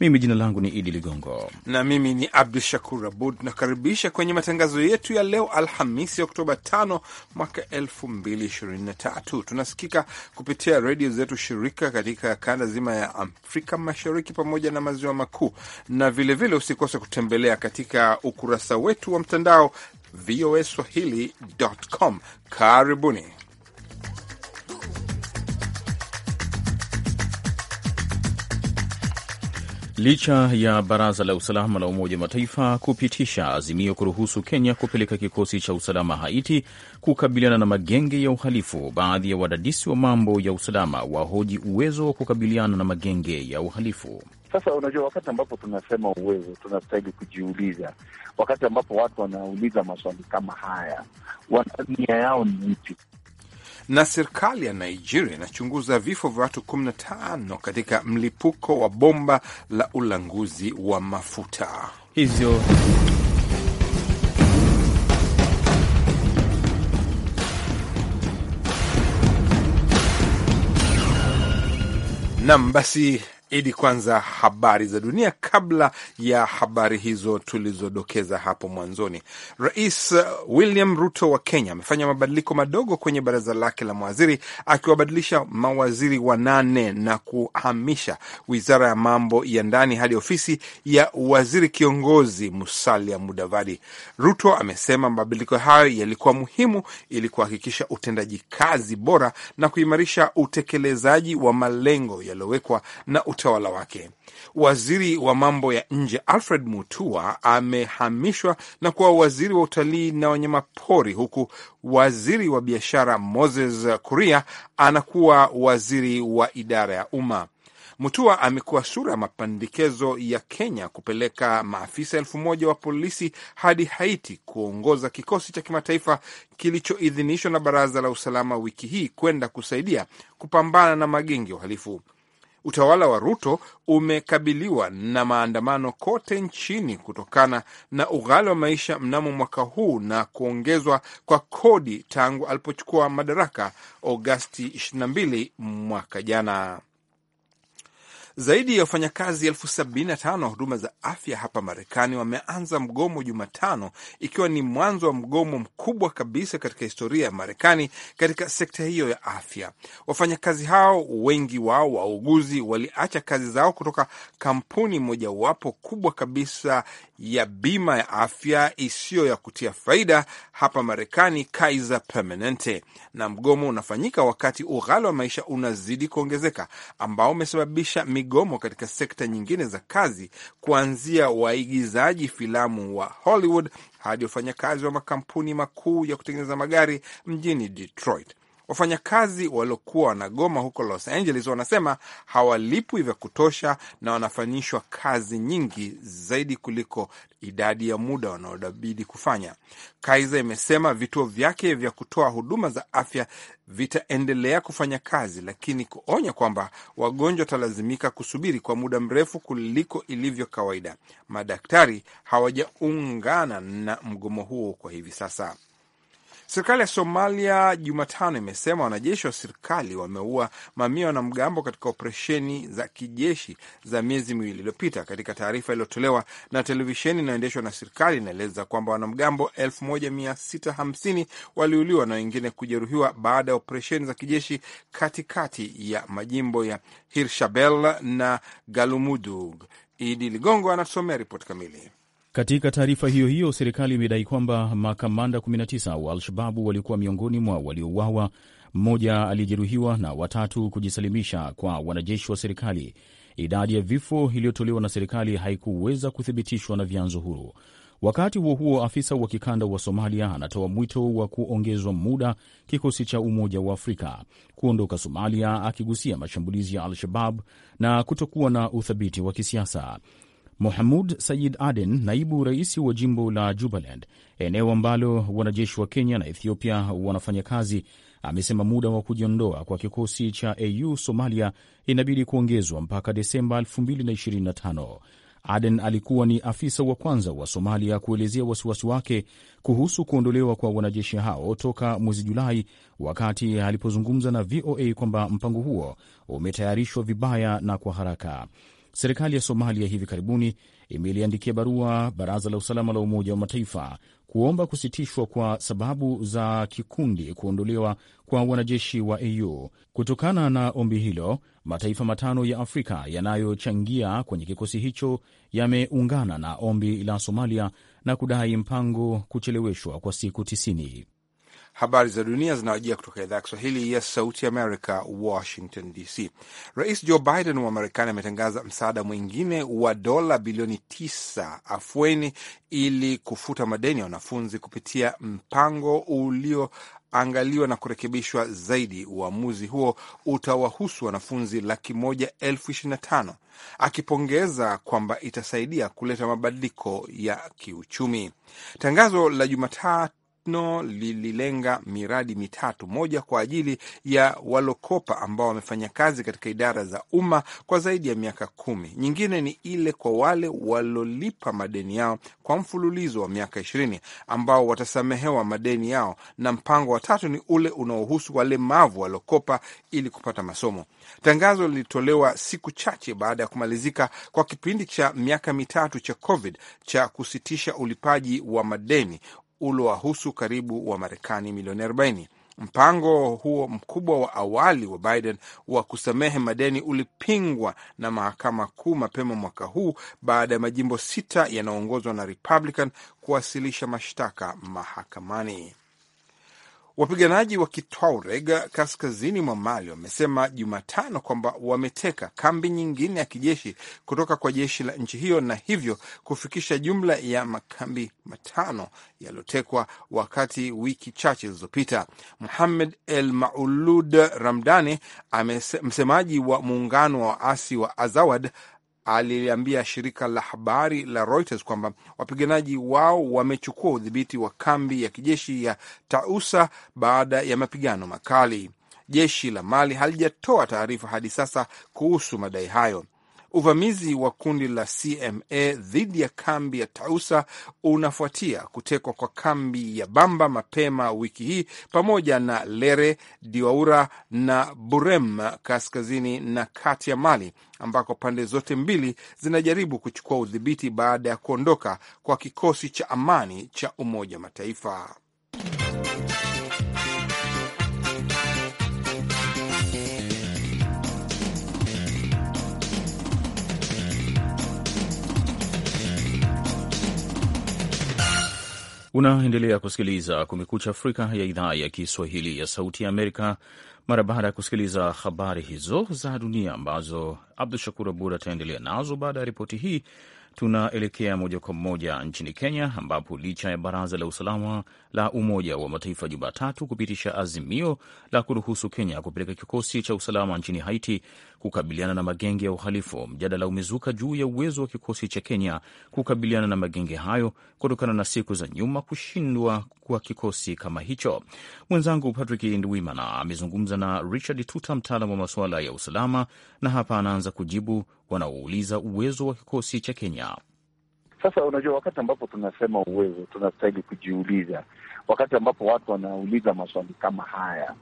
Mimi jina langu ni Idi Ligongo na mimi ni Abdu Shakur Abud. nakaribisha kwenye matangazo yetu ya leo Alhamisi, Oktoba 5 mwaka 2023. Tunasikika kupitia redio zetu shirika katika kanda zima ya Afrika Mashariki pamoja na maziwa makuu, na vilevile usikose kutembelea katika ukurasa wetu wa mtandao voa Swahili.com. Karibuni. licha ya Baraza la Usalama la Umoja wa Mataifa kupitisha azimio kuruhusu Kenya kupeleka kikosi cha usalama Haiti kukabiliana na magenge ya uhalifu. Baadhi ya wadadisi wa mambo ya usalama wahoji uwezo wa kukabiliana na magenge ya uhalifu. Sasa unajua, wakati ambapo tunasema uwezo, tunastahili kujiuliza, wakati ambapo watu wanauliza maswali kama haya, nia yao ni ipi? Na serikali ya Nigeria inachunguza vifo vya watu 15 katika mlipuko wa bomba la ulanguzi wa mafuta hizo Nam basi Idi, kwanza habari za dunia kabla ya habari hizo tulizodokeza hapo mwanzoni. Rais uh, William Ruto wa Kenya amefanya mabadiliko madogo kwenye baraza lake la mawaziri akiwabadilisha mawaziri wanane na kuhamisha wizara ya mambo ya ndani hadi ofisi ya waziri kiongozi Musalia Mudavadi. Ruto amesema mabadiliko hayo yalikuwa muhimu ili kuhakikisha utendaji kazi bora na kuimarisha utekelezaji wa malengo yaliyowekwa na utawala wake. Waziri wa mambo ya nje Alfred Mutua amehamishwa na kuwa waziri wa utalii na wanyamapori, huku waziri wa biashara Moses Kuria anakuwa waziri wa idara ya umma. Mutua amekuwa sura ya mapendekezo ya Kenya kupeleka maafisa elfu moja wa polisi hadi Haiti kuongoza kikosi cha kimataifa kilichoidhinishwa na Baraza la Usalama wiki hii kwenda kusaidia kupambana na magengi ya uhalifu. Utawala wa Ruto umekabiliwa na maandamano kote nchini kutokana na ughali wa maisha mnamo mwaka huu na kuongezwa kwa kodi tangu alipochukua madaraka Agosti 22 mwaka jana. Zaidi ya wafanyakazi elfu sabini na tano wa huduma za afya hapa Marekani wameanza mgomo Jumatano, ikiwa ni mwanzo wa mgomo mkubwa kabisa katika historia ya Marekani katika sekta hiyo ya afya. Wafanyakazi hao, wengi wao wauguzi, waliacha kazi zao kutoka kampuni mojawapo kubwa kabisa ya bima ya afya isiyo ya kutia faida hapa Marekani, Kaiser Permanente, na mgomo unafanyika wakati ughali wa maisha unazidi kuongezeka ambao umesababisha migomo katika sekta nyingine za kazi, kuanzia waigizaji filamu wa Hollywood hadi wafanyakazi wa makampuni makuu ya kutengeneza magari mjini Detroit. Wafanyakazi waliokuwa wanagoma huko Los Angeles wanasema hawalipwi vya kutosha na wanafanyishwa kazi nyingi zaidi kuliko idadi ya muda wanaobidi kufanya. Kaiza imesema vituo vyake vya kutoa huduma za afya vitaendelea kufanya kazi, lakini kuonya kwamba wagonjwa watalazimika kusubiri kwa muda mrefu kuliko ilivyo kawaida. Madaktari hawajaungana na mgomo huo kwa hivi sasa. Serikali ya Somalia Jumatano imesema wanajeshi wa serikali wameua mamia wanamgambo katika operesheni za kijeshi za miezi miwili iliyopita. Katika taarifa iliyotolewa na televisheni inayoendeshwa na serikali, inaeleza kwamba wanamgambo 1650 waliuliwa na wengine kujeruhiwa baada ya operesheni za kijeshi katikati ya majimbo ya Hirshabelle na galumudug Idi Ligongo anatusomea ripoti kamili. Katika taarifa hiyo hiyo, serikali imedai kwamba makamanda 19 wa Al-Shababu walikuwa miongoni mwa waliouawa, mmoja aliyejeruhiwa na watatu kujisalimisha kwa wanajeshi wa serikali. Idadi ya vifo iliyotolewa na serikali haikuweza kuthibitishwa na vyanzo huru. Wakati huo huo, afisa wa kikanda wa Somalia anatoa mwito wa kuongezwa muda kikosi cha Umoja wa Afrika kuondoka Somalia, akigusia mashambulizi ya Al-Shabab na kutokuwa na uthabiti wa kisiasa. Mohamud Sayid Aden, naibu rais wa jimbo la Jubaland, eneo ambalo wanajeshi wa Kenya na Ethiopia wanafanya kazi, amesema muda wa kujiondoa kwa kikosi cha AU Somalia inabidi kuongezwa mpaka Desemba 2025. Aden alikuwa ni afisa wa kwanza wa Somalia kuelezea wasiwasi wake kuhusu kuondolewa kwa wanajeshi hao toka mwezi Julai, wakati alipozungumza na VOA kwamba mpango huo umetayarishwa vibaya na kwa haraka. Serikali ya Somalia hivi karibuni imeliandikia barua Baraza la Usalama la Umoja wa Mataifa kuomba kusitishwa kwa sababu za kikundi kuondolewa kwa wanajeshi wa AU. Kutokana na ombi hilo, mataifa matano ya Afrika yanayochangia kwenye kikosi hicho yameungana na ombi la Somalia na kudai mpango kucheleweshwa kwa siku tisini. Habari za dunia zinawajia kutoka idhaa ya Kiswahili ya Sauti Amerika, Washington DC. Rais Joe Biden wa Marekani ametangaza msaada mwingine wa dola bilioni tisa afueni ili kufuta madeni ya wanafunzi kupitia mpango ulio angaliwa na kurekebishwa zaidi. Uamuzi huo utawahusu wanafunzi laki moja elfu ishirini na tano, akipongeza kwamba itasaidia kuleta mabadiliko ya kiuchumi. Tangazo la Jumatatu tano lililenga miradi mitatu, moja kwa ajili ya walokopa ambao wamefanya kazi katika idara za umma kwa zaidi ya miaka kumi. Nyingine ni ile kwa wale walolipa madeni yao kwa mfululizo wa miaka ishirini ambao watasamehewa madeni yao, na mpango wa tatu ni ule unaohusu walemavu waliokopa ili kupata masomo. Tangazo lilitolewa siku chache baada ya kumalizika kwa kipindi cha miaka mitatu cha COVID cha kusitisha ulipaji wa madeni uliowahusu karibu wa Marekani milioni 40. Mpango huo mkubwa wa awali wa Biden wa kusamehe madeni ulipingwa na mahakama kuu mapema mwaka huu baada ya majimbo sita yanayoongozwa na Republican kuwasilisha mashtaka mahakamani. Wapiganaji wa Kitwaureg kaskazini mwa Mali wamesema Jumatano kwamba wameteka kambi nyingine ya kijeshi kutoka kwa jeshi la nchi hiyo na hivyo kufikisha jumla ya makambi matano yaliyotekwa wakati wiki chache zilizopita. Muhamed El Maulud Ramdani, msemaji wa muungano wa waasi wa Azawad, aliliambia shirika la habari la Reuters kwamba wapiganaji wao wamechukua udhibiti wa kambi ya kijeshi ya Tausa baada ya mapigano makali. Jeshi la Mali halijatoa taarifa hadi sasa kuhusu madai hayo. Uvamizi wa kundi la CMA dhidi ya kambi ya Tausa unafuatia kutekwa kwa kambi ya Bamba mapema wiki hii pamoja na Lere, Diaura na Burem kaskazini na kati ya Mali ambako pande zote mbili zinajaribu kuchukua udhibiti baada ya kuondoka kwa kikosi cha amani cha Umoja Mataifa. Unaendelea kusikiliza Kumekucha Afrika ya idhaa ya Kiswahili ya Sauti ya Amerika. Mara baada ya kusikiliza habari hizo za dunia ambazo Abdu Shakur Abud ataendelea nazo baada ya ripoti hii, tunaelekea moja kwa moja nchini Kenya, ambapo licha ya Baraza la Usalama la Umoja wa Mataifa Jumatatu kupitisha azimio la kuruhusu Kenya kupeleka kikosi cha usalama nchini Haiti kukabiliana na magenge ya uhalifu. Mjadala umezuka juu ya uwezo wa kikosi cha Kenya kukabiliana na magenge hayo kutokana na siku za nyuma kushindwa kwa kikosi kama hicho. Mwenzangu Patrick Ndwimana amezungumza na Richard Tuta, mtaalamu wa masuala ya usalama, na hapa anaanza kujibu wanaouliza uwezo wa kikosi cha Kenya. Sasa unajua, wakati ambapo tunasema uwezo, tunastahili kujiuliza, wakati ambapo watu wanauliza maswali kama haya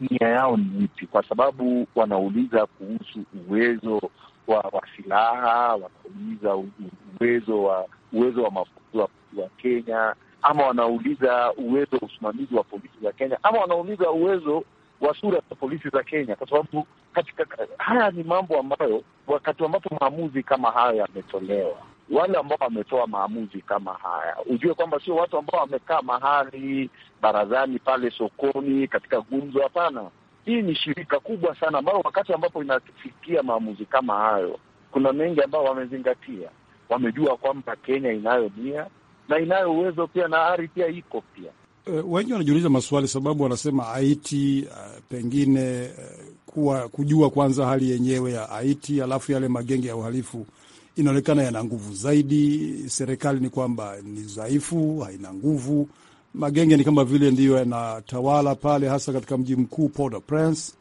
nia yao ni ipi, kwa sababu wanauliza kuhusu uwezo wa, wa silaha, wanauliza uwezo wa uwezo wa mafunzo wa, wa Kenya, ama wanauliza uwezo wa usimamizi wa polisi za Kenya, ama wanauliza uwezo wa sura za polisi za Kenya, kwa sababu katika haya ni mambo ambayo wakati ambapo maamuzi kama hayo yametolewa wale ambao wametoa maamuzi kama haya, ujue kwamba sio watu ambao wamekaa mahali barazani pale sokoni katika gumzo. Hapana, hii ni shirika kubwa sana ambalo wakati ambapo inafikia maamuzi kama hayo, kuna mengi ambao wamezingatia. Wamejua kwamba Kenya inayo nia na inayo uwezo pia, na ari pia iko pia. E, wengi wanajiuliza maswali sababu wanasema Haiti uh, pengine uh, kuwa kujua kwanza hali yenyewe ya Haiti alafu yale magenge ya uhalifu inaonekana yana nguvu zaidi. Serikali ni kwamba ni dhaifu, haina nguvu. Magenge ni kama vile ndiyo yanatawala pale, hasa katika mji mkuu Port-au-Prince.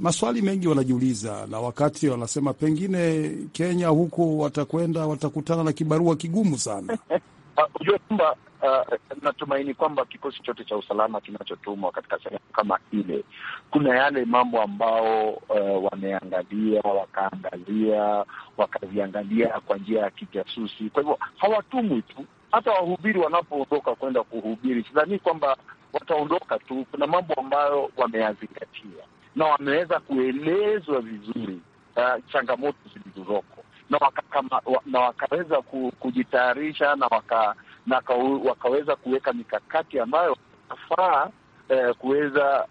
Maswali mengi wanajiuliza, na wakati wanasema pengine Kenya huko watakwenda watakutana na kibarua kigumu sana hujua ah, uh, kwamba uh, natumaini kwamba kikosi chote cha usalama kinachotumwa katika sehemu kama ile, kuna yale mambo ambao uh, wameangalia wakaangalia wakaziangalia kwa njia ya kijasusi. Kwa hivyo hawatumwi tu, hata wahubiri wanapoondoka kwenda kuhubiri, sidhani kwamba wataondoka tu. Kuna mambo ambayo wameyazingatia na wameweza kuelezwa vizuri uh, changamoto zilizoroko na, waka, na wakaweza kujitayarisha na, waka, na wakaweza kuweka mikakati ambayo nafaa eh, kuweza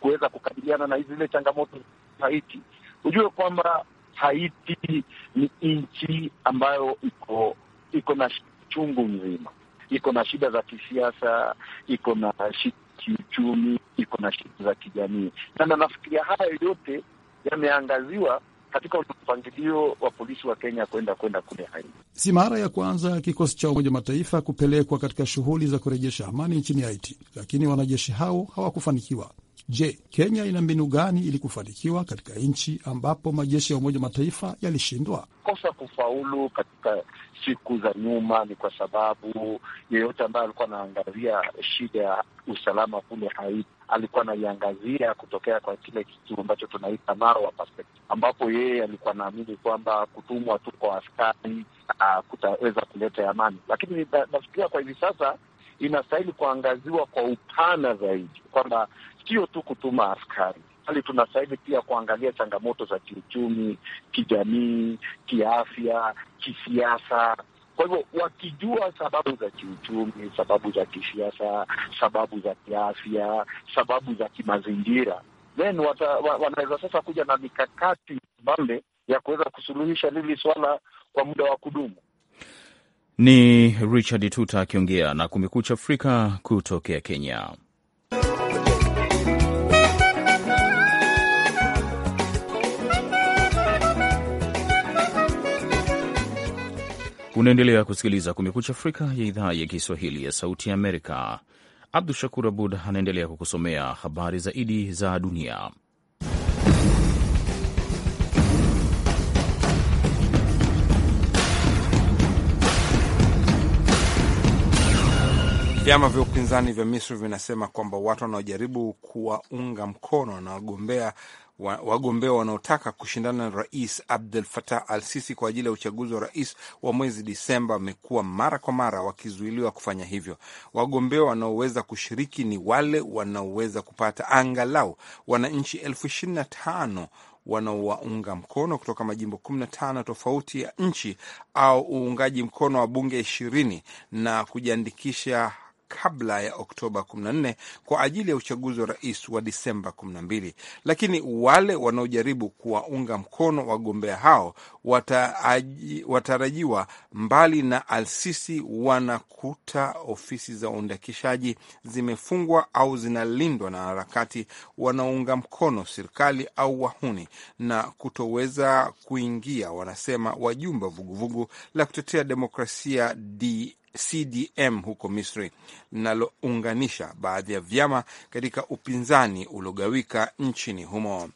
kuweza kukabiliana na zile changamoto za Haiti. Hujue kwamba Haiti ni nchi ambayo iko iko na chungu mzima, iko na shida za kisiasa, iko na shida kiuchumi, iko na shida za kijamii, na nafikiria haya yote yameangaziwa katika mpangilio wa polisi wa Kenya kwenda kwenda kule Haiti. Si mara ya kwanza kikosi cha Umoja Mataifa kupelekwa katika shughuli za kurejesha amani nchini Haiti, lakini wanajeshi hao hawakufanikiwa. Je, Kenya ina mbinu gani ili kufanikiwa katika nchi ambapo majeshi ya Umoja wa Mataifa yalishindwa? Kosa kufaulu katika siku za nyuma ni kwa sababu yeyote ambaye alikuwa anaangazia shida ya usalama kule Haiti alikuwa anaiangazia kutokea kwa kile kitu ambacho tunaita Marwa perspective, ambapo yeye alikuwa anaamini kwamba kutumwa tu kwa askari uh, kutaweza kuleta amani, lakini nafikiria kwa hivi sasa inastahili kuangaziwa kwa upana zaidi kwamba sio tu kutuma askari, bali tunastahili pia kuangalia changamoto za kiuchumi, kijamii, kiafya, kisiasa. Kwa hivyo wakijua sababu za kiuchumi, sababu za kisiasa, sababu za kiafya, sababu za kimazingira, then wanaweza sasa kuja na mikakati bambe ya kuweza kusuluhisha lili swala kwa muda wa kudumu. Ni Richard Tuta akiongea na Kumekucha Afrika kutokea Kenya. Unaendelea kusikiliza Kumekucha Afrika ya idhaa ya Kiswahili ya Sauti ya Amerika. Abdu Shakur Abud anaendelea kukusomea habari zaidi za dunia. Vyama vya upinzani vya Misri vinasema kwamba watu wanaojaribu kuwaunga mkono na wagombea wagombea wanaotaka kushindana na Rais Abdel Fattah al Sisi kwa ajili ya uchaguzi wa rais wa mwezi Disemba wamekuwa mara kwa mara wakizuiliwa kufanya hivyo. Wagombea wanaoweza kushiriki ni wale wanaoweza kupata angalau wananchi elfu ishirini na tano wanaowaunga mkono kutoka majimbo 15 tofauti ya nchi au uungaji mkono wa bunge ishirini na kujiandikisha kabla ya Oktoba 14 kwa ajili ya uchaguzi wa rais wa Disemba 12, lakini wale wanaojaribu kuwaunga mkono wagombea hao watarajiwa, mbali na alsisi wanakuta ofisi za uandikishaji zimefungwa au zinalindwa na harakati wanaounga mkono serikali au wahuni na kutoweza kuingia, wanasema wajumbe wa vuguvugu la kutetea demokrasia CDM huko Misri linalounganisha baadhi ya vyama katika upinzani uliogawika nchini humo.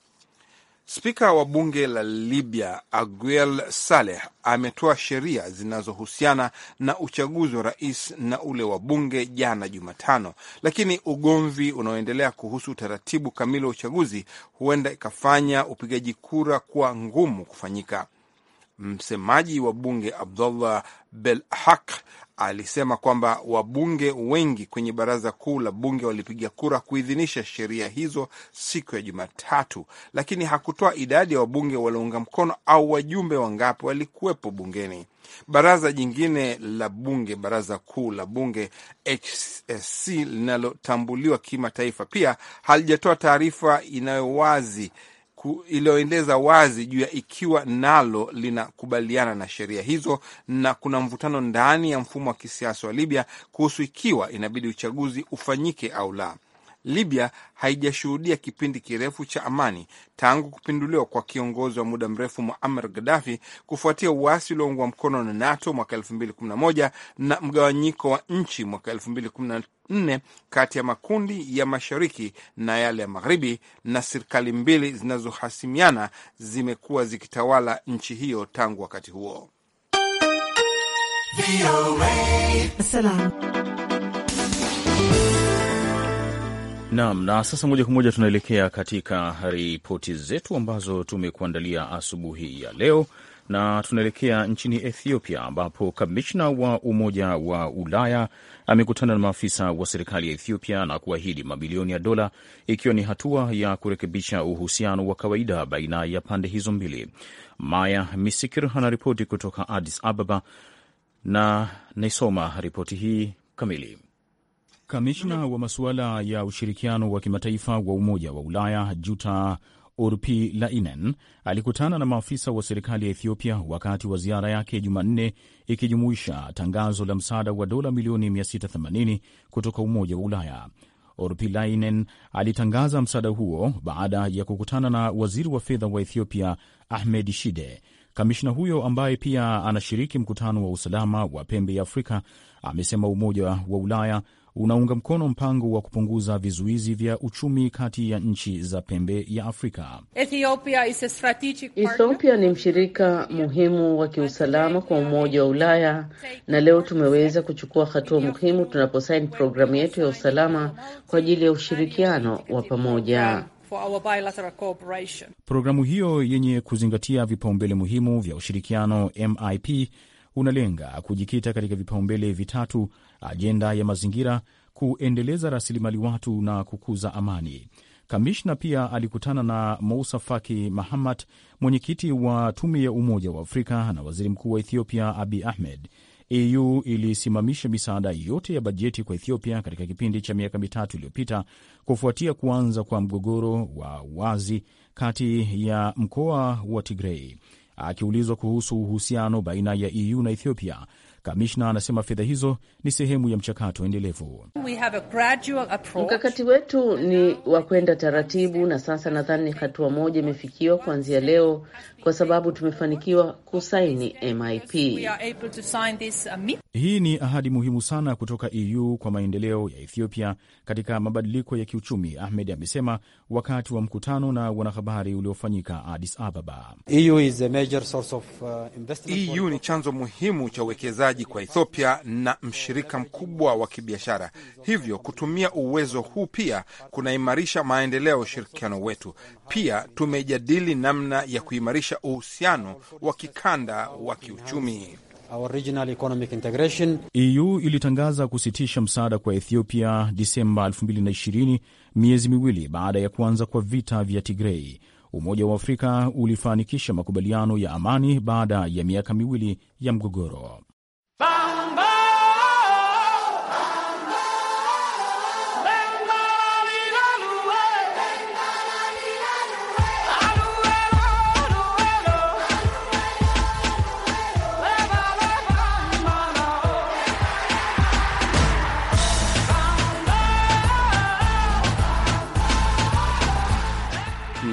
Spika wa bunge la Libya Aguel Saleh ametoa sheria zinazohusiana na uchaguzi wa rais na ule wa bunge jana Jumatano, lakini ugomvi unaoendelea kuhusu utaratibu kamili wa uchaguzi huenda ikafanya upigaji kura kuwa ngumu kufanyika. Msemaji wa bunge Abdullah Belhaq alisema kwamba wabunge wengi kwenye baraza kuu la bunge walipiga kura kuidhinisha sheria hizo siku ya Jumatatu, lakini hakutoa idadi ya wabunge waliounga mkono au wajumbe wangapi walikuwepo bungeni. Baraza jingine la bunge, baraza kuu la bunge HSC linalotambuliwa kimataifa, pia halijatoa taarifa inayowazi iliyoeleza wazi juu ya ikiwa nalo linakubaliana na sheria hizo, na kuna mvutano ndani ya mfumo wa kisiasa wa Libya kuhusu ikiwa inabidi uchaguzi ufanyike au la. Libya haijashuhudia kipindi kirefu cha amani tangu kupinduliwa kwa kiongozi wa muda mrefu Muammar Gaddafi kufuatia uasi ulioungwa mkono na NATO mwaka 2011 na mgawanyiko wa nchi mwaka nne kati ya makundi ya mashariki na yale ya magharibi, na serikali mbili zinazohasimiana zimekuwa zikitawala nchi hiyo tangu wakati huo. Naam, na sasa moja kwa moja tunaelekea katika ripoti zetu ambazo tumekuandalia asubuhi ya leo na tunaelekea nchini Ethiopia ambapo kamishna wa Umoja wa Ulaya amekutana na maafisa wa serikali ya Ethiopia na kuahidi mabilioni ya dola ikiwa ni hatua ya kurekebisha uhusiano wa kawaida baina ya pande hizo mbili. Maya Misikir anaripoti kutoka Addis Ababa na naisoma ripoti hii kamili. Kamishna wa masuala ya ushirikiano wa kimataifa wa Umoja wa Ulaya Juta Urpilainen alikutana na maafisa wa serikali ya Ethiopia wakati wa ziara yake Jumanne, ikijumuisha tangazo la msaada wa dola milioni 680 kutoka Umoja wa Ulaya. Urpilainen alitangaza msaada huo baada ya kukutana na waziri wa fedha wa Ethiopia Ahmed Shide. Kamishna huyo ambaye pia anashiriki mkutano wa usalama wa pembe ya Afrika amesema Umoja wa Ulaya unaunga mkono mpango wa kupunguza vizuizi vya uchumi kati ya nchi za pembe ya Afrika. Ethiopia, Ethiopia ni mshirika muhimu wa kiusalama kwa Umoja wa Ulaya, na leo tumeweza kuchukua hatua muhimu tunaposaini programu yetu ya usalama kwa ajili ya ushirikiano wa pamoja. For our bilateral cooperation. Programu hiyo yenye kuzingatia vipaumbele muhimu vya ushirikiano MIP unalenga kujikita katika vipaumbele vitatu ajenda ya mazingira, kuendeleza rasilimali watu na kukuza amani. Kamishna pia alikutana na Mousa Faki Mahamat, mwenyekiti wa tume ya Umoja wa Afrika na waziri mkuu wa Ethiopia Abi Ahmed. EU ilisimamisha misaada yote ya bajeti kwa Ethiopia katika kipindi cha miaka mitatu iliyopita kufuatia kuanza kwa mgogoro wa wazi kati ya mkoa wa Tigrei. Akiulizwa kuhusu uhusiano baina ya EU na Ethiopia, Kamishna anasema fedha hizo ni sehemu ya mchakato endelevu. Mkakati wetu ni wa kwenda taratibu, na sasa nadhani hatua moja imefikiwa kuanzia leo, kwa sababu tumefanikiwa kusaini MIP. Uh, Hii ni ahadi muhimu sana kutoka EU kwa maendeleo ya Ethiopia katika mabadiliko ya kiuchumi, Ahmed amesema wakati wa mkutano na wanahabari uliofanyika Addis Ababa. EU, uh, e ni chanzo muhimu cha uwekezaji mtaji kwa Ethiopia na mshirika mkubwa wa kibiashara, hivyo kutumia uwezo huu pia kunaimarisha maendeleo ya ushirikiano wetu. Pia tumejadili namna ya kuimarisha uhusiano wa kikanda wa kiuchumi. EU e ilitangaza kusitisha msaada kwa Ethiopia Disemba 2020, miezi miwili baada ya kuanza kwa vita vya Tigrei. Umoja wa Afrika ulifanikisha makubaliano ya amani baada ya miaka miwili ya mgogoro.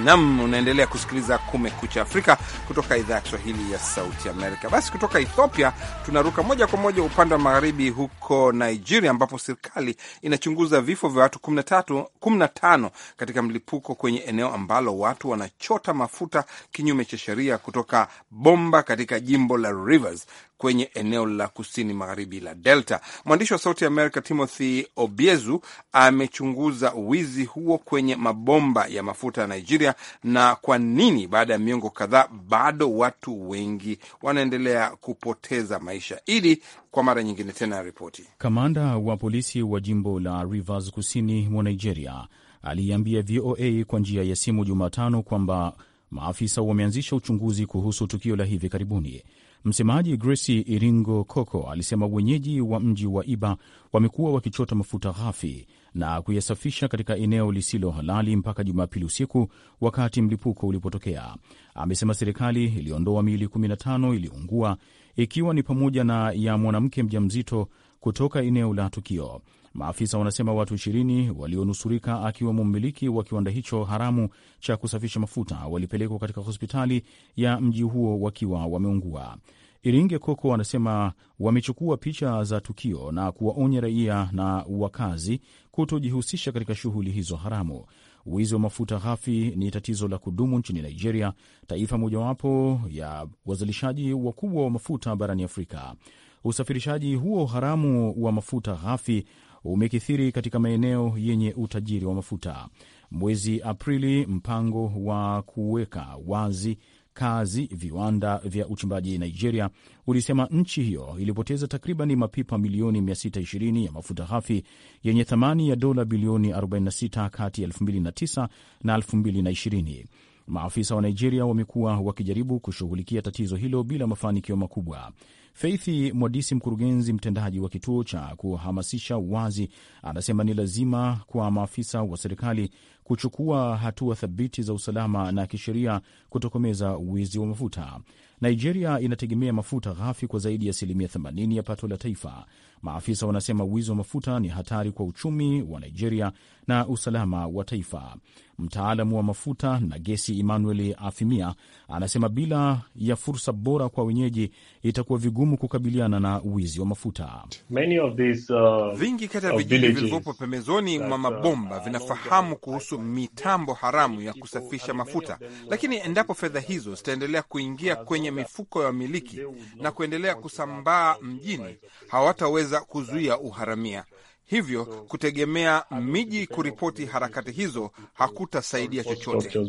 Nam, unaendelea kusikiliza Kumekucha Afrika kutoka idhaa ya Kiswahili ya Sauti Amerika. Basi kutoka Ethiopia tunaruka moja kwa moja upande wa magharibi huko Nigeria, ambapo serikali inachunguza vifo vya watu 13, 15 katika mlipuko kwenye eneo ambalo watu wanachota mafuta kinyume cha sheria kutoka bomba katika jimbo la Rivers kwenye eneo la kusini magharibi la Delta. Mwandishi wa Sauti Amerika Timothy Obiezu amechunguza wizi huo kwenye mabomba ya mafuta ya Nigeria na kwa nini baada ya miongo kadhaa bado watu wengi wanaendelea kupoteza maisha. Ili kwa mara nyingine tena ripoti, kamanda wa polisi wa jimbo la Rivers kusini mwa Nigeria aliiambia VOA kwa njia ya simu Jumatano kwamba maafisa wameanzisha uchunguzi kuhusu tukio la hivi karibuni. Msemaji Grace Iringo Koko alisema wenyeji wa mji wa Iba wamekuwa wakichota mafuta ghafi na kuyasafisha katika eneo lisilo halali mpaka Jumapili usiku wakati mlipuko ulipotokea. Amesema serikali iliondoa miili 15 iliyoungua ikiwa ni pamoja na ya mwanamke mjamzito kutoka eneo la tukio. Maafisa wanasema watu ishirini walionusurika akiwemo mmiliki wa kiwanda hicho haramu cha kusafisha mafuta walipelekwa katika hospitali ya mji huo wakiwa wameungua. Iringe Koko anasema wamechukua picha za tukio na kuwaonya raia na wakazi kutojihusisha katika shughuli hizo haramu. Wizi wa mafuta ghafi ni tatizo la kudumu nchini Nigeria, taifa mojawapo ya wazalishaji wakubwa wa mafuta barani Afrika. Usafirishaji huo haramu wa mafuta ghafi umekithiri katika maeneo yenye utajiri wa mafuta. Mwezi Aprili, mpango wa kuweka wazi kazi viwanda vya uchimbaji Nigeria ulisema nchi hiyo ilipoteza takriban mapipa milioni 620 ya mafuta ghafi yenye thamani ya dola bilioni 46 kati ya 2009 na 2020. Maafisa wa Nigeria wamekuwa wakijaribu kushughulikia tatizo hilo bila mafanikio makubwa. Feithi Mwadisi, mkurugenzi mtendaji wa kituo cha kuhamasisha uwazi, anasema ni lazima kwa maafisa wa serikali kuchukua hatua thabiti za usalama na kisheria kutokomeza wizi wa mafuta. Nigeria inategemea mafuta ghafi kwa zaidi ya asilimia 80 ya pato la taifa. Maafisa wanasema wizi wa mafuta ni hatari kwa uchumi wa Nigeria na usalama wa taifa. Mtaalamu wa mafuta na gesi Emmanuel Afimia anasema bila ya fursa bora kwa wenyeji itakuwa vigumu kukabiliana na wizi wa mafuta. Many of these, uh, vingi kati ya vijiji vilivyopo pembezoni mwa uh, mabomba vinafahamu kuhusu mitambo haramu ya kusafisha mafuta, lakini endapo fedha hizo zitaendelea kuingia kwenye mifuko ya wamiliki na kuendelea kusambaa mjini, hawataweza kuzuia uharamia. Hivyo kutegemea miji kuripoti harakati hizo hakutasaidia chochote.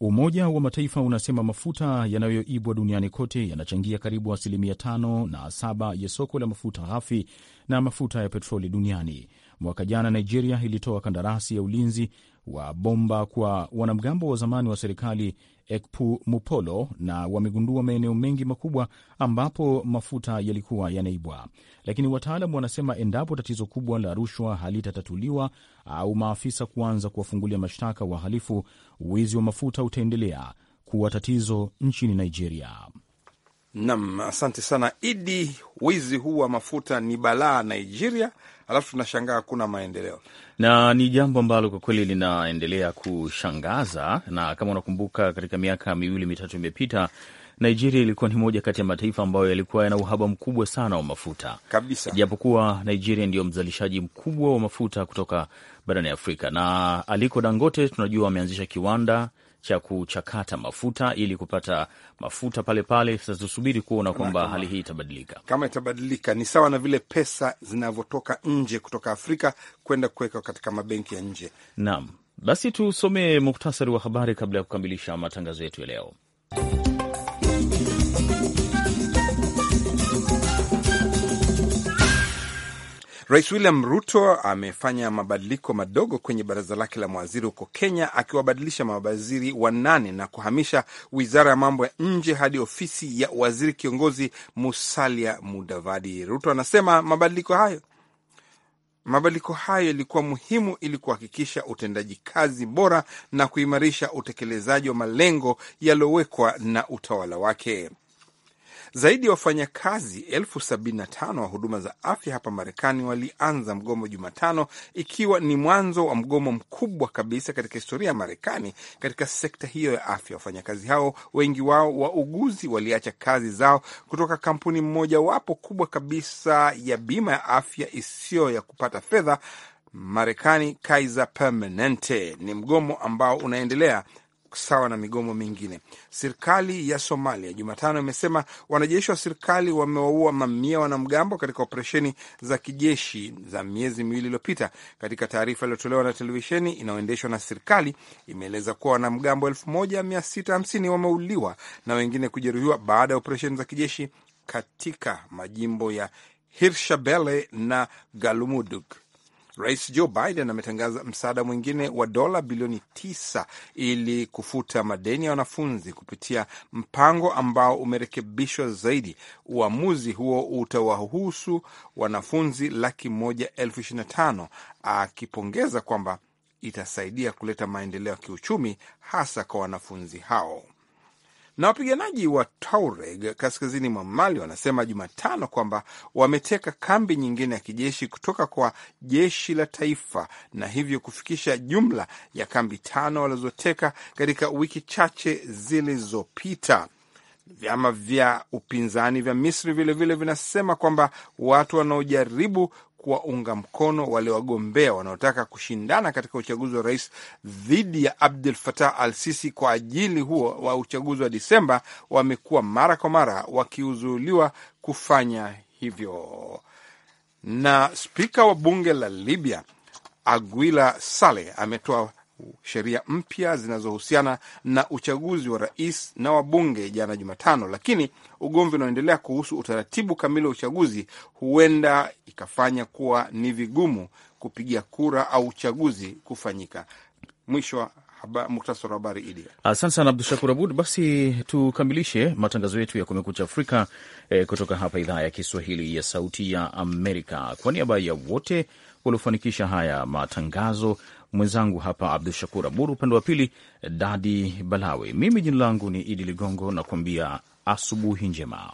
Umoja wa Mataifa unasema mafuta yanayoibwa duniani kote yanachangia karibu asilimia tano na saba ya soko la mafuta ghafi na mafuta ya petroli duniani. Mwaka jana Nigeria ilitoa kandarasi ya ulinzi wa bomba kwa wanamgambo wa zamani wa serikali Ekpu Mupolo na wamegundua maeneo mengi makubwa ambapo mafuta yalikuwa yanaibwa, lakini wataalam wanasema endapo tatizo kubwa la rushwa halitatatuliwa au maafisa kuanza kuwafungulia mashtaka wahalifu, wizi wa mafuta utaendelea kuwa tatizo nchini Nigeria. Nam, asante sana Idi. Wizi huu wa mafuta ni balaa Nigeria, alafu tunashangaa hakuna maendeleo, na ni jambo ambalo kwa kweli linaendelea kushangaza. Na kama unakumbuka, katika miaka miwili mitatu imepita Nigeria ilikuwa ni moja kati ya mataifa ambayo yalikuwa yana uhaba mkubwa sana wa mafuta kabisa, japokuwa Nigeria ndiyo mzalishaji mkubwa wa mafuta kutoka barani Afrika, na Aliko Dangote tunajua ameanzisha kiwanda cha kuchakata mafuta ili kupata mafuta pale pale. Sasa tusubiri kuona kwamba hali hii itabadilika. Kama itabadilika, ni sawa na vile pesa zinavyotoka nje kutoka Afrika kwenda kuwekwa katika mabenki ya nje. Naam, basi tusomee muktasari wa habari kabla ya kukamilisha matangazo yetu ya leo. Rais William Ruto amefanya mabadiliko madogo kwenye baraza lake la mawaziri huko Kenya, akiwabadilisha mawaziri wanane na kuhamisha wizara ya mambo ya nje hadi ofisi ya waziri kiongozi Musalia Mudavadi. Ruto anasema mabadiliko hayo mabadiliko hayo yalikuwa muhimu ili kuhakikisha utendaji kazi bora na kuimarisha utekelezaji wa malengo yaliyowekwa na utawala wake. Zaidi ya wafanyakazi elfu sabini na tano wa huduma za afya hapa Marekani walianza mgomo Jumatano, ikiwa ni mwanzo wa mgomo mkubwa kabisa katika historia ya Marekani katika sekta hiyo ya afya. Wafanyakazi hao, wengi wao wauguzi, waliacha kazi zao kutoka kampuni mmojawapo kubwa kabisa ya bima ya afya isiyo ya kupata fedha Marekani, Kaiser Permanente. Ni mgomo ambao unaendelea sawa na migomo mingine. Serikali ya Somalia Jumatano imesema wanajeshi wa serikali wamewaua mamia wanamgambo katika operesheni za kijeshi za miezi miwili iliyopita. Katika taarifa iliyotolewa na televisheni inayoendeshwa na serikali, imeeleza kuwa wanamgambo 1650 wameuliwa na wengine kujeruhiwa baada ya operesheni za kijeshi katika majimbo ya Hirshabelle na Galmudug. Rais Joe Biden ametangaza msaada mwingine wa dola bilioni tisa ili kufuta madeni ya wanafunzi kupitia mpango ambao umerekebishwa zaidi. Uamuzi huo utawahusu wanafunzi laki moja elfu ishirini na tano akipongeza kwamba itasaidia kuleta maendeleo ya kiuchumi hasa kwa wanafunzi hao. Na wapiganaji wa Tuareg kaskazini mwa Mali wanasema Jumatano kwamba wameteka kambi nyingine ya kijeshi kutoka kwa jeshi la taifa na hivyo kufikisha jumla ya kambi tano walizoteka katika wiki chache zilizopita. Vyama vya upinzani vya Misri vilevile vile vinasema kwamba watu wanaojaribu kuwaunga mkono wale wagombea wanaotaka kushindana katika uchaguzi wa rais dhidi ya Abdul Fatah al Sisi kwa ajili huo wa uchaguzi wa Disemba wamekuwa mara kwa mara wakiuzuliwa kufanya hivyo. Na spika wa bunge la Libya Aguila Saleh ametoa sheria mpya zinazohusiana na uchaguzi wa rais na wabunge jana Jumatano, lakini ugomvi unaoendelea kuhusu utaratibu kamili wa uchaguzi huenda ikafanya kuwa ni vigumu kupiga kura au uchaguzi kufanyika. Mwisho wa habari Idi. Asante sana Abdu Shakur Abud. Basi tukamilishe matangazo yetu ya Kumekucha Afrika eh, kutoka hapa idhaa ya Kiswahili ya Sauti ya Amerika. Kwa niaba ya wote waliofanikisha haya matangazo, mwenzangu hapa Abdu Shakur abud upande wa pili Dadi Balawe. Mimi jina langu ni Idi Ligongo, nakuambia asubuhi njema.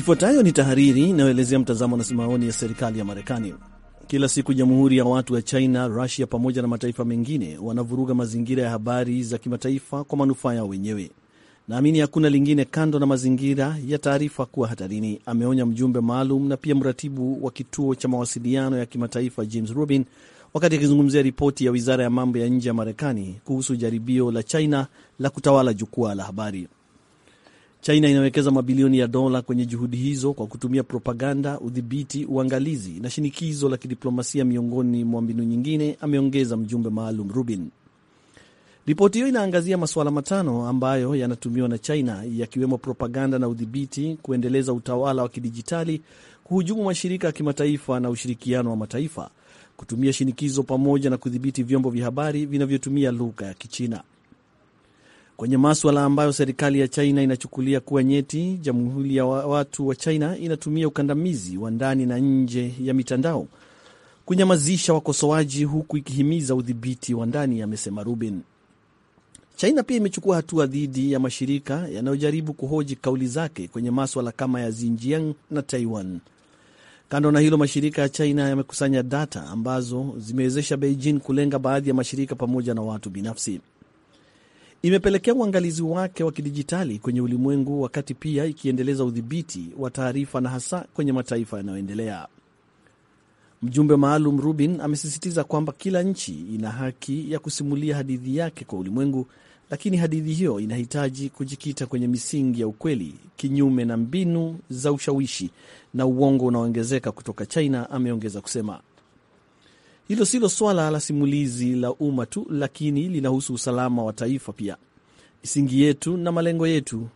Ifuatayo ni tahariri inayoelezea mtazamo na simaoni ya serikali ya Marekani. Kila siku Jamhuri ya Watu ya China, Rusia pamoja na mataifa mengine wanavuruga mazingira ya habari za kimataifa kwa manufaa yao wenyewe. Naamini hakuna lingine kando na mazingira ya taarifa kuwa hatarini, ameonya mjumbe maalum na pia mratibu wa kituo cha mawasiliano ya kimataifa James Rubin wakati akizungumzia ripoti ya wizara ya mambo ya nje ya Marekani kuhusu jaribio la China la kutawala jukwaa la habari. China inawekeza mabilioni ya dola kwenye juhudi hizo kwa kutumia propaganda, udhibiti, uangalizi na shinikizo la kidiplomasia, miongoni mwa mbinu nyingine, ameongeza mjumbe maalum Rubin. Ripoti hiyo inaangazia masuala matano ambayo yanatumiwa na China, yakiwemo propaganda na udhibiti, kuendeleza utawala wa kidijitali, kuhujumu mashirika ya kimataifa na ushirikiano wa mataifa, kutumia shinikizo, pamoja na kudhibiti vyombo vya habari vinavyotumia lugha ya Kichina kwenye maswala ambayo serikali ya China inachukulia kuwa nyeti. Jamhuri ya Watu wa China inatumia ukandamizi wa ndani na nje ya mitandao kunyamazisha wakosoaji, huku ikihimiza udhibiti wa ndani, amesema Rubin. China pia imechukua hatua dhidi ya mashirika yanayojaribu kuhoji kauli zake kwenye maswala kama ya Xinjiang na Taiwan. Kando na hilo, mashirika ya China yamekusanya data ambazo zimewezesha Beijing kulenga baadhi ya mashirika pamoja na watu binafsi imepelekea uangalizi wake wa kidijitali kwenye ulimwengu, wakati pia ikiendeleza udhibiti wa taarifa na hasa kwenye mataifa yanayoendelea. Mjumbe maalum Rubin amesisitiza kwamba kila nchi ina haki ya kusimulia hadithi yake kwa ulimwengu, lakini hadithi hiyo inahitaji kujikita kwenye misingi ya ukweli, kinyume na mbinu za ushawishi na uongo unaoongezeka kutoka China, ameongeza kusema. Hilo silo swala la simulizi la umma tu, lakini linahusu usalama wa taifa pia. Misingi yetu na malengo yetu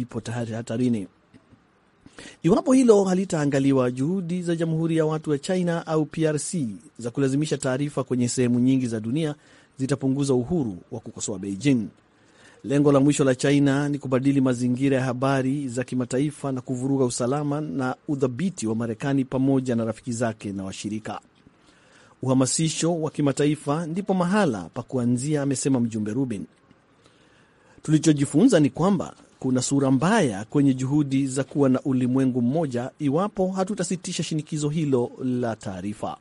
ipo hatarini iwapo hilo halitaangaliwa. Juhudi za Jamhuri ya Watu wa China au PRC za kulazimisha taarifa kwenye sehemu nyingi za dunia zitapunguza uhuru wa kukosoa Beijing. Lengo la mwisho la China ni kubadili mazingira ya habari za kimataifa na kuvuruga usalama na udhabiti wa Marekani pamoja na rafiki zake na washirika uhamasisho wa kimataifa ndipo mahala pa kuanzia, amesema mjumbe Rubin. Tulichojifunza ni kwamba kuna sura mbaya kwenye juhudi za kuwa na ulimwengu mmoja iwapo hatutasitisha shinikizo hilo la taarifa.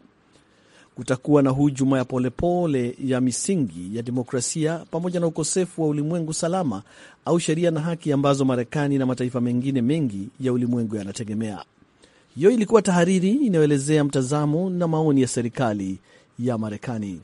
Kutakuwa na hujuma ya polepole ya misingi ya demokrasia pamoja na ukosefu wa ulimwengu salama au sheria na haki ambazo Marekani na mataifa mengine mengi ya ulimwengu yanategemea. Hiyo ilikuwa tahariri inayoelezea mtazamo na maoni ya serikali ya Marekani.